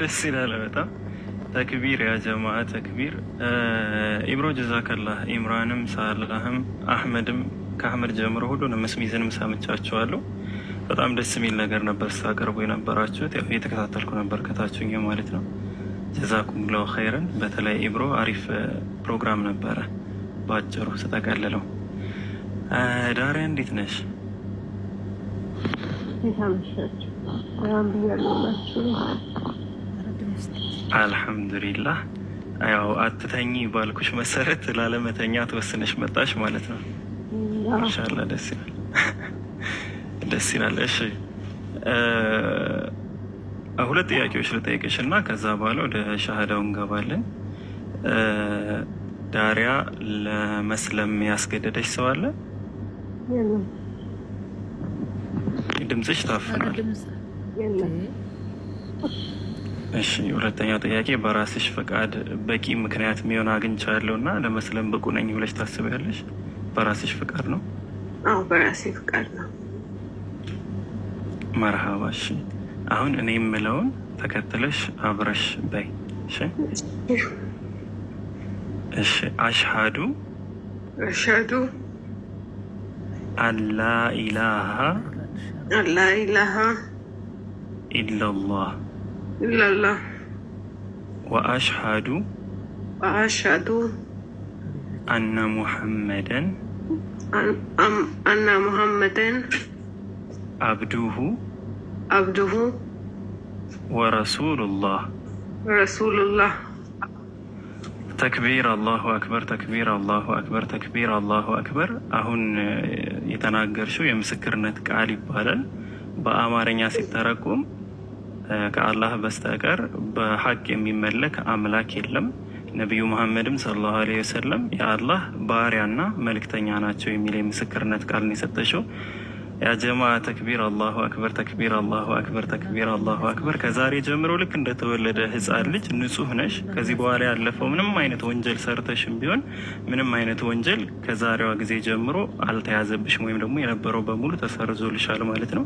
ደስ ይላል በጣም ተክቢር፣ ያ ጀማ ተክቢር። ኢብሮ ጀዛከላህ። ኢምራንም፣ ሳላህም፣ አህመድም ከአህመድ ጀምሮ ሁሉንም መስሚዝንም ሰምቻችኋለሁ። በጣም ደስ የሚል ነገር ነበር ስታቀርቡ የነበራችሁት። የተከታተልኩ ነበር ከታችኛው ማለት ነው። ለው ኸይረን። በተለይ ኢብሮ አሪፍ ፕሮግራም ነበረ። በአጭሩ ስጠቀልለው ዳሪ እንዴት ነሽ? ብያለሁላችሁ አልሐምዱሊላህ። ያው አትተኝ ባልኩሽ መሰረት ላለመተኛ ተወስነሽ መጣሽ ማለት ነው። ማሻላ ደስ ይላል፣ ደስ ይላል። እሺ ሁለት ጥያቄዎች ልጠይቅሽ እና ከዛ በኋላ ወደ ሻሃዳው እንገባለን። ዳሪያ ለመስለም ያስገደደች ሰው አለ? ድምፅሽ ታፍናል። እሺ ሁለተኛው ጥያቄ በራስሽ ፈቃድ በቂ ምክንያት የሚሆን አግኝቻለሁ እና ለመስለም ብቁ ነኝ ብለሽ ታስቢያለሽ? በራስሽ ፈቃድ ነው? አዎ በራሴ ፈቃድ ነው። መርሃባ። እሺ አሁን እኔ የምለውን ተከትለሽ አብረሽ በይ። እሺ እሺ። አሽሃዱ አሽሃዱ አላ ኢላሃ አላ ኢላሃ ኢላላህ ኢላላህ ወአሽሃዱ ወአሽሃዱ አነ ሙሐመደን አነ ሙሐመደን አብዱሁ አብዱሁ ወረሱሉላህ ረሱሉላህ ተክቢር አላሁ አክበር ተክቢር አላሁ አክበር ተክቢር አላሁ አክበር። አሁን የተናገርሽው የምስክርነት ቃል ይባላል በአማርኛ ሲተረቁም ከአላህ በስተቀር በሀቅ የሚመለክ አምላክ የለም። ነቢዩ መሐመድም ሰለላሁ አለይሂ ወሰለም የአላህ ባሪያና መልክተኛ ናቸው የሚል የምስክርነት ቃልን የሰጠችው ያ ጀማዓ ተክቢር አላሁ አክበር፣ ተክቢር አላሁ አክበር፣ ተክቢር አላሁ አክበር። ከዛሬ ጀምሮ ልክ እንደተወለደ ህፃን ልጅ ንጹህ ነሽ። ከዚህ በኋላ ያለፈው ምንም አይነት ወንጀል ሰርተሽም ቢሆን ምንም አይነት ወንጀል ከዛሬዋ ጊዜ ጀምሮ አልተያዘብሽም፣ ወይም ደግሞ የነበረው በሙሉ ተሰርዞልሻል ማለት ነው።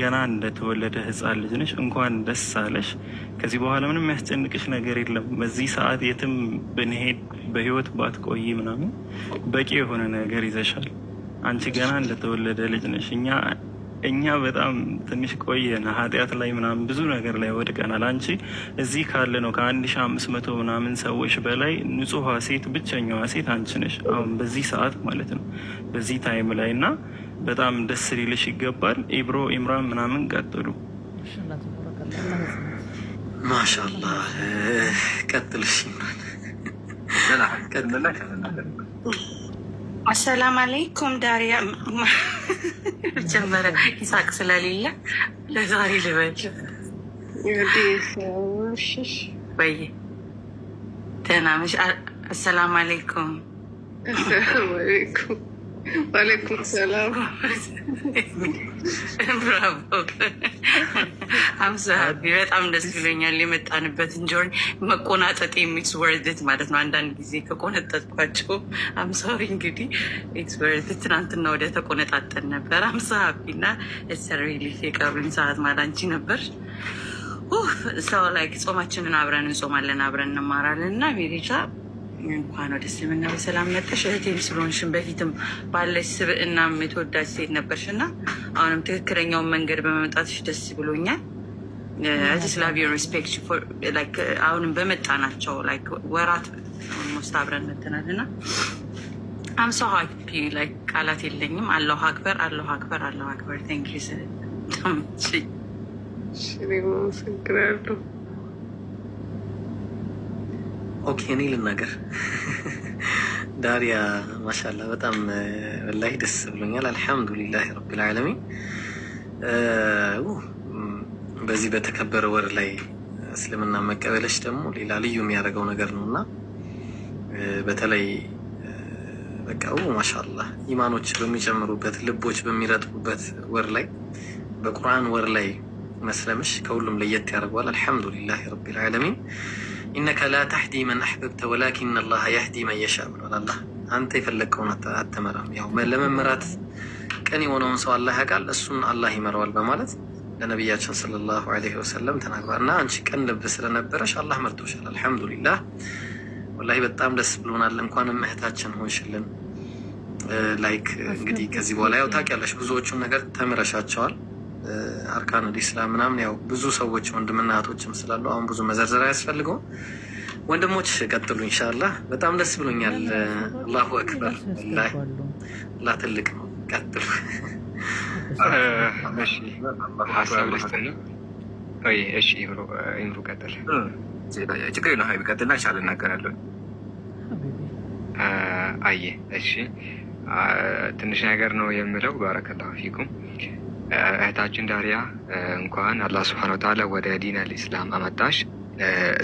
ገና እንደተወለደ ህፃን ልጅ ነሽ። እንኳን ደስ አለሽ። ከዚህ በኋላ ምንም ያስጨንቅሽ ነገር የለም። በዚህ ሰዓት የትም ብንሄድ በህይወት ባትቆይ ምናምን በቂ የሆነ ነገር ይዘሻል። አንቺ ገና እንደተወለደ ልጅ ነሽ። እኛ እኛ በጣም ትንሽ ቆየን፣ ኃጢአት ላይ ምናምን ብዙ ነገር ላይ ወድቀናል። አንቺ እዚህ ካለ ነው ከአንድ ሺ አምስት መቶ ምናምን ሰዎች በላይ ንጹሐ ሴት ብቸኛዋ ሴት አንቺ ነሽ፣ አሁን በዚህ ሰዓት ማለት ነው በዚህ ታይም ላይ እና በጣም ደስ ሊልሽ ይገባል። ኢብሮ ኢምራን ምናምን ቀጥሉ። ማሻላ ቀጥልሽ አሰላም አለይኩም ዳሪያ ጀመረ ይሳቅ ስለሌለ ለዛሬ ልበል ወይ ደህና ነሽ? አሰላም አለይኩም ዋሌኩም ሰላም። ብራቮ አምሳቢ በጣም ደስ ብሎኛል። የመጣንበትን ጆር መቆናጠጥ የሚስ ወርድት ማለት ነው። አንዳንድ ጊዜ ከቆነጠጥኳቸው አምሳሪ እንግዲህ ኢትስ ወርድት። ትናንትና ወደ ተቆነጣጠን ነበር። አምሳ አምሳቢ እና ሰሪሊፍ የቀሩን ሰዓት ማላንቺ ነበር ሰው ላይ ጾማችንን አብረን እንጾማለን፣ አብረን እንማራለን እና ሜሪቻ እንኳን ወደ እስልምና በሰላም መጣሽ። እህቴም ስለሆንሽን በፊትም ባለሽ ስብዕናም የተወዳጅ ሴት ነበርሽ እና አሁንም ትክክለኛውን መንገድ በመምጣትሽ ደስ ብሎኛል። ስላቪ ሪስፔክት አሁንም በመጣ ናቸው ወራት ሞስት አብረን መተናል እና አም ሰው ሀፒ ቃላት የለኝም። አላሁ አክበር፣ አላሁ አክበር፣ አላሁ አክበር። ታንክ ዩ ስል ኦኬ እኔ ልናገር። ዳሪያ ማሻላ በጣም ወላሂ ደስ ብሎኛል። አልሐምዱሊላህ ረቢል ዓለሚን በዚህ በተከበረ ወር ላይ እስልምና መቀበለች ደግሞ ሌላ ልዩ የሚያደርገው ነገር ነው እና በተለይ በቃ ማሻላ ኢማኖች በሚጨምሩበት ልቦች በሚረጥቡበት ወር ላይ በቁርአን ወር ላይ መስለምሽ ከሁሉም ለየት ያደርገዋል። አልሐምዱሊላህ ረቢል ዓለሚን ኢነከ ላ ተህዲ መን አሕበብተ ወላኪን አላህ የህዲ መን የሻ ብሏል። አላህ አንተ የፈለግከውን አትመራም። ያው ለመመራት ቀን የሆነውን ሰው አላህ ያውቃል፣ እሱን አላህ ይመራዋል በማለት ለነቢያችን ሰለላሁ ዐለይሂ ወሰለም ተናግሯል። እና አንቺ ቅን ልብ ስለነበረሽ አላህ መርጦሻል። አልሐምዱሊላህ ወላሂ በጣም ደስ ብሎናል። እንኳንም እህታችን ሆንሽልን። ላይክ እንግዲህ ከዚህ በኋላ ያው ታውቂያለሽ ብዙዎቹን ነገር ተምረሻቸዋል። አርካኑል ኢስላም ምናምን ያው ብዙ ሰዎች ወንድምና እህቶችም ስላሉ አሁን ብዙ መዘርዘር አያስፈልገውም። ወንድሞች ቀጥሉ እንሻላ። በጣም ደስ ብሎኛል። አላሁ አክበር። ላ ትልቅ ነው። ቀጥሉ። ችግር ነው ሀቢብ ቀጥልና ይሻል እናገራለን። አየ እሺ፣ ትንሽ ነገር ነው የምለው ባረከላሁ ፊኩም እህታችን ዳሪያ እንኳን አላህ ስብሐነ ወተዓላ ወደ ዲን አልኢስላም አመጣሽ።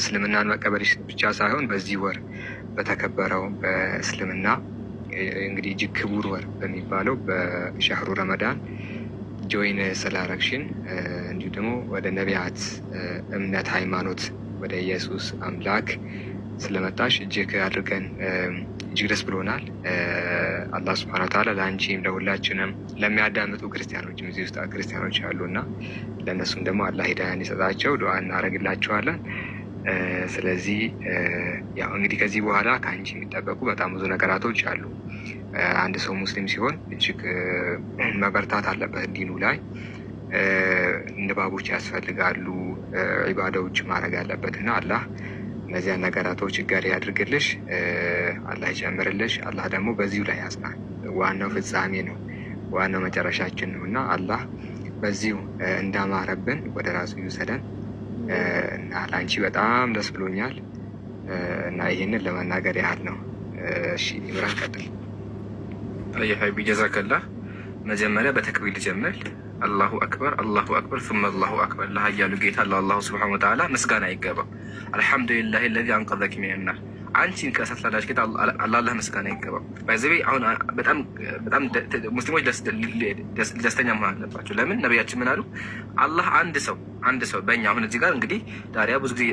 እስልምናን መቀበልሽ ብቻ ሳይሆን በዚህ ወር በተከበረው በእስልምና እንግዲህ እጅግ ክቡር ወር በሚባለው በሻህሩ ረመዳን ጆይን ስላረግሽን እንዲሁ ደግሞ ወደ ነቢያት እምነት ሃይማኖት ወደ ኢየሱስ አምላክ ስለመጣሽ እጅግ አድርገን እጅግ ደስ ብሎናል። አላህ ስብሐነ ወተዓላ ለአንቺም ለሁላችንም ለሚያዳምጡ ክርስቲያኖችም እዚህ ውስጥ ክርስቲያኖች እና ለእነሱም ደግሞ አላህ ሂዳያን ይሰጣቸው ዱዓ እናደርግላቸዋለን። ስለዚህ ያው እንግዲህ ከዚህ በኋላ ከአንቺ የሚጠበቁ በጣም ብዙ ነገራቶች አሉ። አንድ ሰው ሙስሊም ሲሆን እጅግ መበርታት አለበት ዲኑ ላይ ንባቦች ያስፈልጋሉ። ዒባዳዎች ማድረግ አለበት እና አላህ እነዚያን ነገራቶች ጋር ያድርግልሽ፣ አላህ ይጨምርልሽ። አላህ ደግሞ በዚሁ ላይ ያጽና። ዋናው ፍጻሜ ነው፣ ዋናው መጨረሻችን ነው እና አላህ በዚሁ እንዳማረብን ወደ ራሱ ይውሰደን እና ለአንቺ በጣም ደስ ብሎኛል እና ይህንን ለመናገር ያህል ነው። እሺ ይምራን ቀጥል። ሀይቢ ቢጀዛከላ መጀመሪያ በተክቢል ልጀምር አላሁ አክበር አላሁ አክበር ሱመ አላሁ አክበር። ለሀያሉ ጌታ ለአላሁ ስብሐነ ወተዓላ ምስጋና ይገባ። አልሐምዱሊላህ ለዚ አንቀዘክ ሚንናር አንቺን ከእሳት ላዳጅ ጌታ አላህ ምስጋና ይገባ። ባይዘቤ አሁን በጣም በጣም ሙስሊሞች ደስተኛ መሆን አለባቸው። ለምን ነቢያችን ምን አሉ? አላህ አንድ ሰው አንድ ሰው በእኛ አሁን እዚህ ጋር እንግዲህ ዳሪያ ብዙ ጊዜ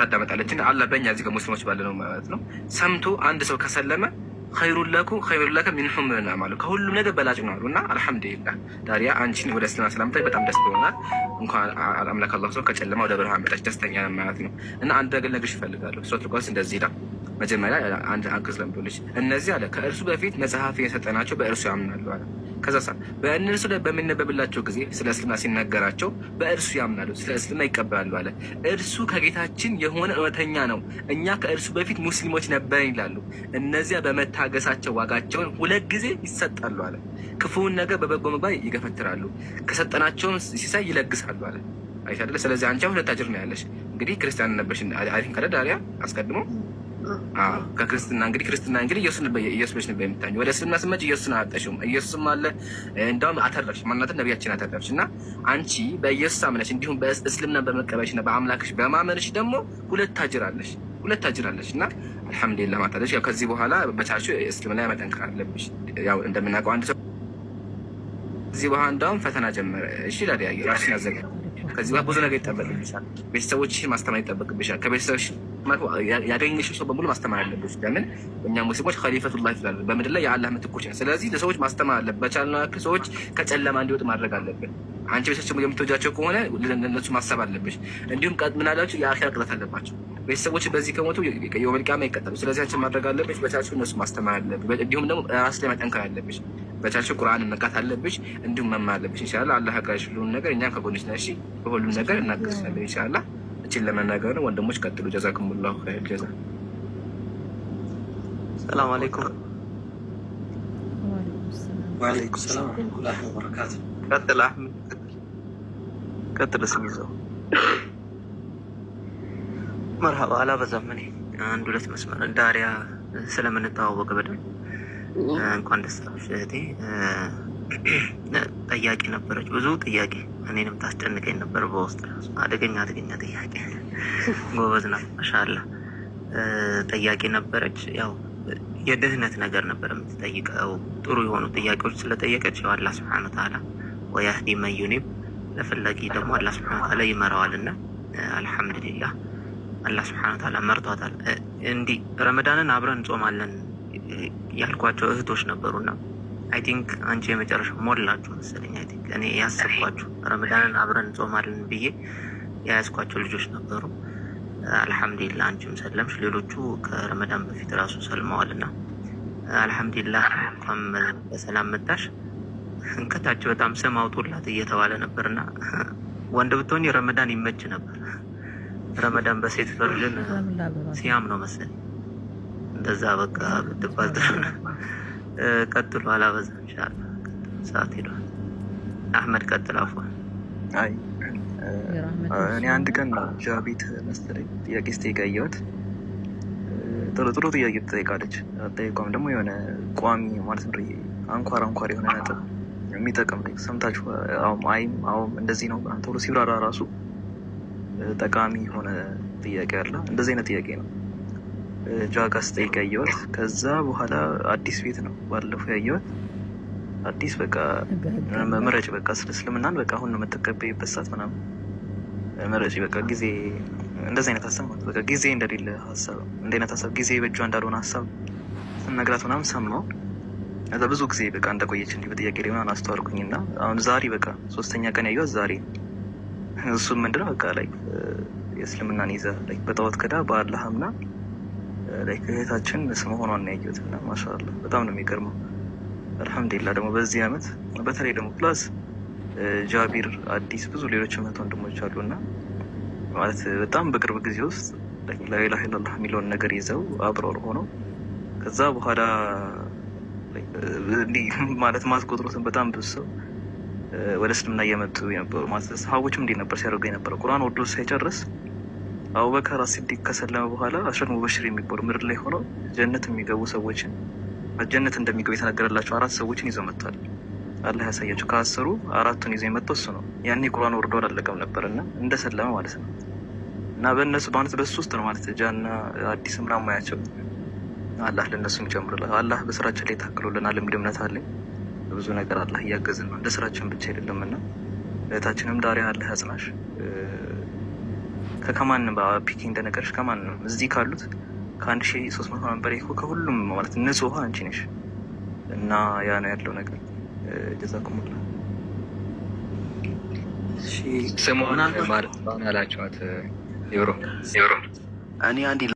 ታዳመጣለችን። አላህ በእኛ እዚህ ጋር ሙስሊሞች ባለ ነው ማለት ነው ሰምቶ አንድ ሰው ከሰለመ ኸይሩን ለኩ ኸይሩን ለከ ሚን ሑምርና ማለት ከሁሉም ነገር በላጭ ነው አሉ እና አልሐምዱሊላህ። ዳሪያ አንቺን ወደ እስልምና ስላመጣች በጣም ደስ ብሎናል። እንኳን አምላክ አላህ ሰው ከጨለማ ወደ ብርሃን መጣች ደስተኛ ማለት ነው። እና አንድ ነገር ልነግርሽ እፈልጋለሁ። ሱረቱ ሉቃስ እንደዚህ ይላል። መጀመሪያ አንድ አንቀጽ ለምዶልሽ እነዚህ አለ ከእርሱ በፊት መጽሐፍን የሰጠናቸው በእርሱ ያምናሉ አለ ከዛ ሰ በእነርሱ ላይ በሚነበብላቸው ጊዜ ስለ እስልምና ሲነገራቸው በእርሱ ያምናሉ፣ ስለ እስልምና ይቀበላሉ አለ። እርሱ ከጌታችን የሆነ እውነተኛ ነው፣ እኛ ከእርሱ በፊት ሙስሊሞች ነበርን ይላሉ። እነዚያ በመታገሳቸው ዋጋቸውን ሁለት ጊዜ ይሰጣሉ አለ። ክፉውን ነገር በበጎ ምግባር ይገፈትራሉ፣ ከሰጠናቸውን ሲሳይ ይለግሳሉ አለ። አይሻ ስለዚህ አንቺ ሁለት አጅር ነው ያለሽ። እንግዲህ ክርስቲያን ነበርሽ አሪፍ ቀደዳሪያ አስቀድሞ ከክርስትና እንግዲህ ክርስትና እንግዲህ ኢየሱስ ብለሽ ነበር የምታኘው። ወደ እስልምና ስትመጪ ኢየሱስን አጠሽም ኢየሱስም አለ እንዳውም አተረፍሽ፣ ማናትን ነቢያችን አተረፍሽ። እና አንቺ በኢየሱስ አምነሽ እንዲሁም በእስልምና በመቀበልሽና በአምላክሽ በማመንሽ ደግሞ ሁለት አጅር አለሽ፣ ሁለት አጅር አለሽ። እና አልሐምዱሊላህ ማታለሽ። ያው ከዚህ በኋላ በቻልሽው እስልምና ላይ መጠንከር አለብሽ። ያው እንደምናውቀው አንድ ሰው ከዚህ በኋላ እንደውም ፈተና ጀመረ። እሺ ላዲያ ራስሽን አዘጋጅ። ከዚህ በኋላ ብዙ ነገር ይጠበቅብሻል። ቤተሰቦችሽን ማስተማር ይጠበቅብሻል። ከቤተሰቦች ያገኘሽው ሰው በሙሉ ማስተማር አለብሽ። ለምን እኛ ሙስሊሞች ከሊፈቱላ ይላል በምድር ላይ የአላህ ምትኮች ነን። ስለዚህ ለሰዎች ማስተማር አለብን። በቻልነው ያክል ሰዎች ከጨለማ እንዲወጡ ማድረግ አለብን። አንቺ ቤተሰቦች የምትወጃቸው ከሆነ ለነሱ ማሰብ አለብሽ። እንዲሁም ምናላቸው አላቸው የአኺራ ቅጣት አለባቸው። ቤተሰቦች በዚህ ከሞቱ የውመል ይቀጠሉ። ስለዚህ አንቺ ማድረግ አለብሽ። በቻልሽው እነሱ ማስተማር አለብሽ። እንዲሁም ደግሞ ራስ ላይ መጠንከር አለብሽ። በቻልሽው ቁርአን መቃት አለብሽ። እንዲሁም መማር አለብሽ። ኢንሻላህ አላህ አጋዥ ሁሉን ነገር እኛም ከጎንሽ ነሽ። በሁሉም ነገር እናገዝሻለን ኢንሻላህ እችን ለመናገር ነው። ወንድሞች ቀጥሉ። ጀዛኩሙላሁ ኸይር ጀዛ። ሰላም አለይኩም። ቀጥል ስም ይዘው መርሃባ። አላበዛም። እኔ አንድ ሁለት መስመር ዳሪያ ስለምንተዋወቅ በደንብ እንኳን ደስ አለሽ እህቴ። ጠያቂ ነበረች። ብዙ ጥያቄ እኔንም ታስጨንቀኝ ነበር። በውስጥ ራሱ አደገኛ አደገኛ ጥያቄ ጎበዝ ነው ማሻአላህ ጠያቂ ነበረች። ያው የድህነት ነገር ነበር የምትጠይቀው። ጥሩ የሆኑ ጥያቄዎች ስለጠየቀች ያው አላህ ስብሐነ ወተዓላ ወያህዲ መዩኒብ ለፈላጊ ደግሞ አላህ ስብሐነ ወተዓላ ይመራዋልና አልሐምዱሊላ አላህ ስብሐነ ወተዓላ መርቷታል። እንዲህ ረመዳንን አብረን እንጾማለን ያልኳቸው እህቶች ነበሩና አይ ቲንክ አንቺ የመጨረሻ ሞላችሁ መሰለኝ። አይ ቲንክ እኔ ያሰብኳችሁ ረመዳንን አብረን እንጾማለን ብዬ የያዝኳቸው ልጆች ነበሩ። አልሐምዱሊላ አንቺም ሰለምሽ፣ ሌሎቹ ከረመዳን በፊት ራሱ ሰልመዋል። እና አልሐምዱሊላ በሰላም መጣሽ። ከታች በጣም ስም አውጡላት እየተባለ ነበርና ወንድ ብትሆን ረመዳን ይመች ነበር። ረመዳን በሴት ቨርዥን ሲያም ነው መሰለኝ እንደዛ በቃ ብትባል ቀጥሎ አላበዛ ኢንሻአላህ ሰዓት ሄዷል። አህመድ ቀጥል። አፏን አይ እኔ አንድ ቀን ነው ጃ ቤት መሰለኝ ጥያቄ ስትጠይቃየሁት ጥሩ ጥሩ ጥያቄ ትጠይቃለች። አጠይቋም ደግሞ የሆነ ቋሚ ማለት ነው አንኳር አንኳር የሆነ ነጥብ የሚጠቅም ሰምታችሁ አሁም አይም አሁም እንደዚህ ነው ቶሎ ሲብራራ ራሱ ጠቃሚ የሆነ ጥያቄ አለ። እንደዚህ አይነት ጥያቄ ነው ጃጋ ስጠይቅ ያየሁት። ከዛ በኋላ አዲስ ቤት ነው ባለፈው ያየሁት። አዲስ በቃ መረጭ በቃ ስለ እስልምናን በቃ አሁን ነው የምትቀበይበት ሰዓት ምናምን ምረጭ፣ በቃ ጊዜ እንደዚህ አይነት ሀሳብ ማለት በቃ ጊዜ እንደሌለ ሀሳብ እንደ አይነት ሀሳብ ጊዜ በእጇ እንዳልሆነ ሀሳብ ስነግራት ምናምን ሰማው። እዛ ብዙ ጊዜ በቃ እንደቆየች እንዲህ በጥያቄ ላይ ምናምን አስተዋልኩኝ እና አሁን ዛሬ በቃ ሶስተኛ ቀን ያየኋት ዛሬ። እሱም ምንድነው በቃ ላይ የእስልምናን ይዛ በጣዖት ክዳ በአላህ አምና እህታችን ስም ሆኗን ነው ያየሁት እና ማሻአላህ በጣም ነው የሚገርመው። አልሐምዱሊላህ ደግሞ በዚህ አመት በተለይ ደግሞ ፕላስ ጃቢር አዲስ ብዙ ሌሎች እህት ወንድሞች አሉ እና ማለት በጣም በቅርብ ጊዜ ውስጥ ላኢላሃ ኢለላህ የሚለውን ነገር ይዘው አብረው ሆነው ከዛ በኋላ ማለት ማስቆጥሮትን በጣም ብዙ ሰው ወደ እስልምና እየመጡ የነበሩ ማለት ሰሃቦችም እንዲህ ነበር ሲያደርገው የነበረ ቁርአን ወዶ ሳይጨርስ አቡበከር አስዲቅ ከሰለመ በኋላ አሽረል ሙበሽር የሚባሉ ምድር ላይ ሆነው ጀነት የሚገቡ ሰዎችን ጀነት እንደሚገቡ የተነገረላቸው አራት ሰዎችን ይዘው መጥቷል። አላህ ያሳያቸው። ከአስሩ አራቱን ይዘው የመጣው እሱ ነው። ያኔ ቁርአን ወርዶ አላለቀም ነበር እና እንደሰለመ ማለት ነው። እና በእነሱ በአነት በሱ ውስጥ ነው ማለት ጃና አዲስ ምና ማያቸው አላህ ለእነሱም ይጨምርላ አላህ በስራችን ላይ ታክሎልና የሚል እምነት አለኝ። ብዙ ነገር አላህ እያገዝን ነው። እንደ ስራችን ብቻ አይደለም እና እህታችንም ዳሪያ አላህ ያጽናሽ። ከማንም ፒኬ እንደነገርሽ ከማንም እዚህ ካሉት ከአንድ ሺ ሶስት መቶ ነበር እኮ ከሁሉም ማለት ንጹህ ውሃ አንቺ ነሽ። እና ያ ነው ያለው ነገር። ጀዛኩሙላ ስሞሆና ማለት ነው ያላቸዋት ሮ ሮ እኔ አንድ